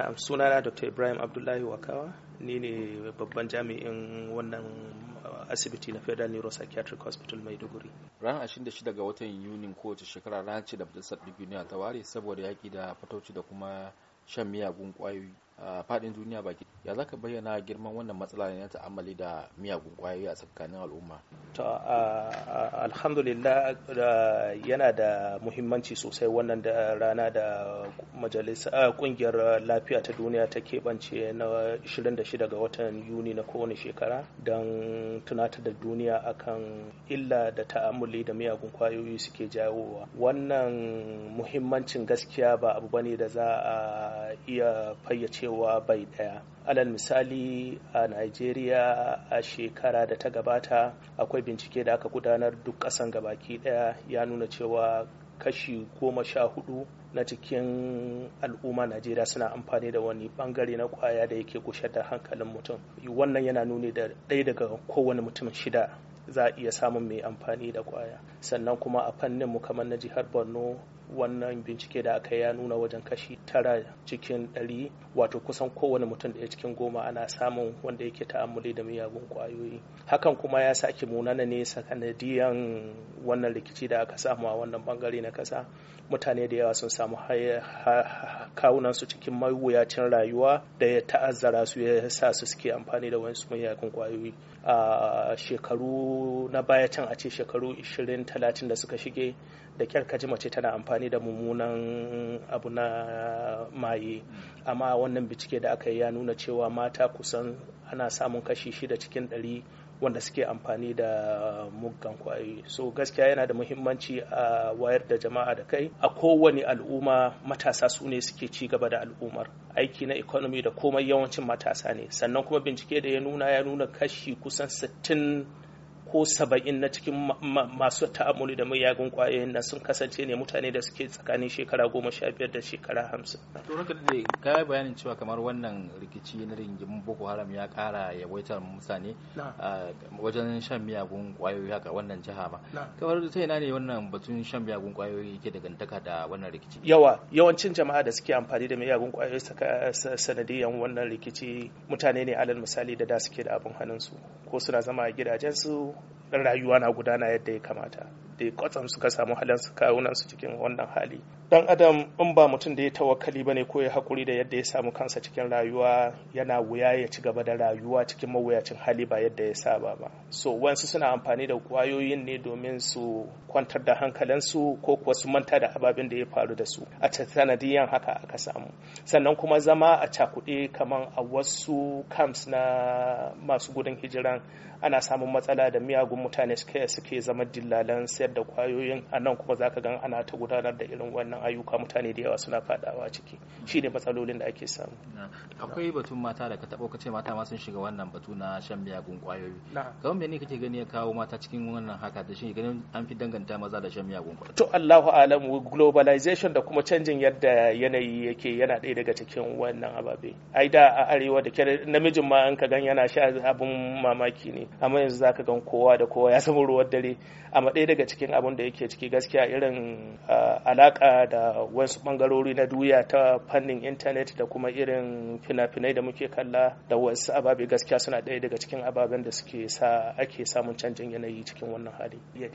na'am sunana dr ibrahim abdullahi wakawa ni ne babban jami'in wannan uh, asibiti na federal neuropsychiatric hospital maiduguri ran 26 ga watan yunin kowace shekara ranar ce da majalisar duniya ta ware saboda yaki da fatauci da kuma shan miyagun kwayoyi faɗin duniya baki ya zaka bayyana girman wannan matsala ne amali da miyagun kwayoyi a tsakanin al'umma to alhamdulillah yana da muhimmanci sosai wannan da rana da majalisa kungiyar lafiya ta duniya ta keɓance na 26 ga watan yuni na kowane shekara don tunatar da duniya akan illa da ta'ammuli da miyagun kwayoyi suke jawowa wannan muhimmancin gaskiya ba abu bane da za a iya fayyace cewa bai daya alal misali a nigeria a shekara da ta gabata akwai bincike da aka gudanar duk ƙasan gabaki daya ya nuna cewa kashi goma sha hudu na cikin al'umma najeriya suna amfani da wani bangare na kwaya da yake kushe da hankalin mutum wannan yana nuni da ɗaya daga kowane mutum shida za a iya samun mai amfani da kwaya sannan kuma a fannin mu kamar na jihar borno wannan bincike da aka ya nuna wajen kashi tara cikin ɗari wato kusan kowane mutum da ya cikin goma ana samun wanda yake ta'ammuli da miyagun ƙwayoyi hakan kuma ya sake munana ne sakanadiyan wannan rikici da aka samu a wannan bangare na ƙasa mutane da yawa sun samu kawunan su cikin mawuyacin rayuwa da ya ta'azzara su ya sa su suke amfani da wasu miyagun ƙwayoyi a shekaru na baya can a ce shekaru 20-30 da suka shige da kyar kaji mace tana amfani amfani da mummunan abu na maye amma wannan bincike da aka yi ya nuna cewa mata kusan ana samun kashi shida cikin ɗari wanda suke amfani da muggan kwayoyi so gaskiya yana da muhimmanci a wayar da jama'a da kai a kowane al'umma matasa su ne suke ci gaba da al'ummar aiki na economy da komai yawancin matasa ne sannan kuma bincike da ya nuna ya nuna kashi kusan sittin. ko saba'in na cikin masu ta'amuli da mayagun kwayoyin nan sun kasance ne mutane da suke tsakanin shekara goma sha biyar da shekara hamsin. to ranka da ka yi bayanin cewa kamar wannan rikici na ringimin boko haram ya kara waita mutane wajen shan miyagun kwayoyi haka wannan jiha ma kamar ta na ne wannan batun shan miyagun kwayoyi ke dangantaka da wannan rikici. yawa yawancin jama'a da suke amfani da miyagun kwayoyi sanadiyan wannan rikici mutane ne alal misali da da suke da abin su ko suna zama a gidajensu rayuwa na gudana yadda ya kamata da kwatsam suka samu halin su kawunan su cikin wannan hali dan adam in ba mutum da ya tawakkali bane ko ya hakuri da yadda ya samu kansa cikin rayuwa yana wuya ya ci gaba da rayuwa cikin mawuyacin hali ba yadda ya saba ba so wansu suna amfani da kwayoyin ne domin su kwantar da hankalinsu ko kuwa su manta da ababen da ya faru da su a sanadiyan haka aka samu sannan kuma zama a cakuɗe kamar a wasu camps na masu gudun hijiran ana samun matsala da miyagun mutane suke zama dillalan sayar fitar da kwayoyin a nan kuma zaka gan ana ta gudanar da irin wannan ayyuka mutane da yawa suna fadawa ciki shi ne matsalolin da ake samu akwai batun mata da ka taɓo ka ce mata ma shiga wannan batu na shan miyagun kwayoyi kamar ne kake gani ya kawo mata cikin wannan haka da shi ganin an fi danganta maza da shan miyagun kwayoyi to Allahu alam globalization da kuma canjin yadda yanayi yake yana ɗaya daga cikin wannan ababe ai da a arewa da kyar namijin ma an ka gan yana sha abun mamaki ne amma yanzu zaka gan kowa da kowa ya samu ruwan dare amma ɗaya daga cikin abin da yake ciki gaskiya irin alaka da wasu bangarori na duya ta fannin intanet da kuma irin fina-finai da muke kalla da wasu ababe gaskiya suna ɗaya daga cikin ababen da suke sa ake samun canjin yanayi cikin wannan hali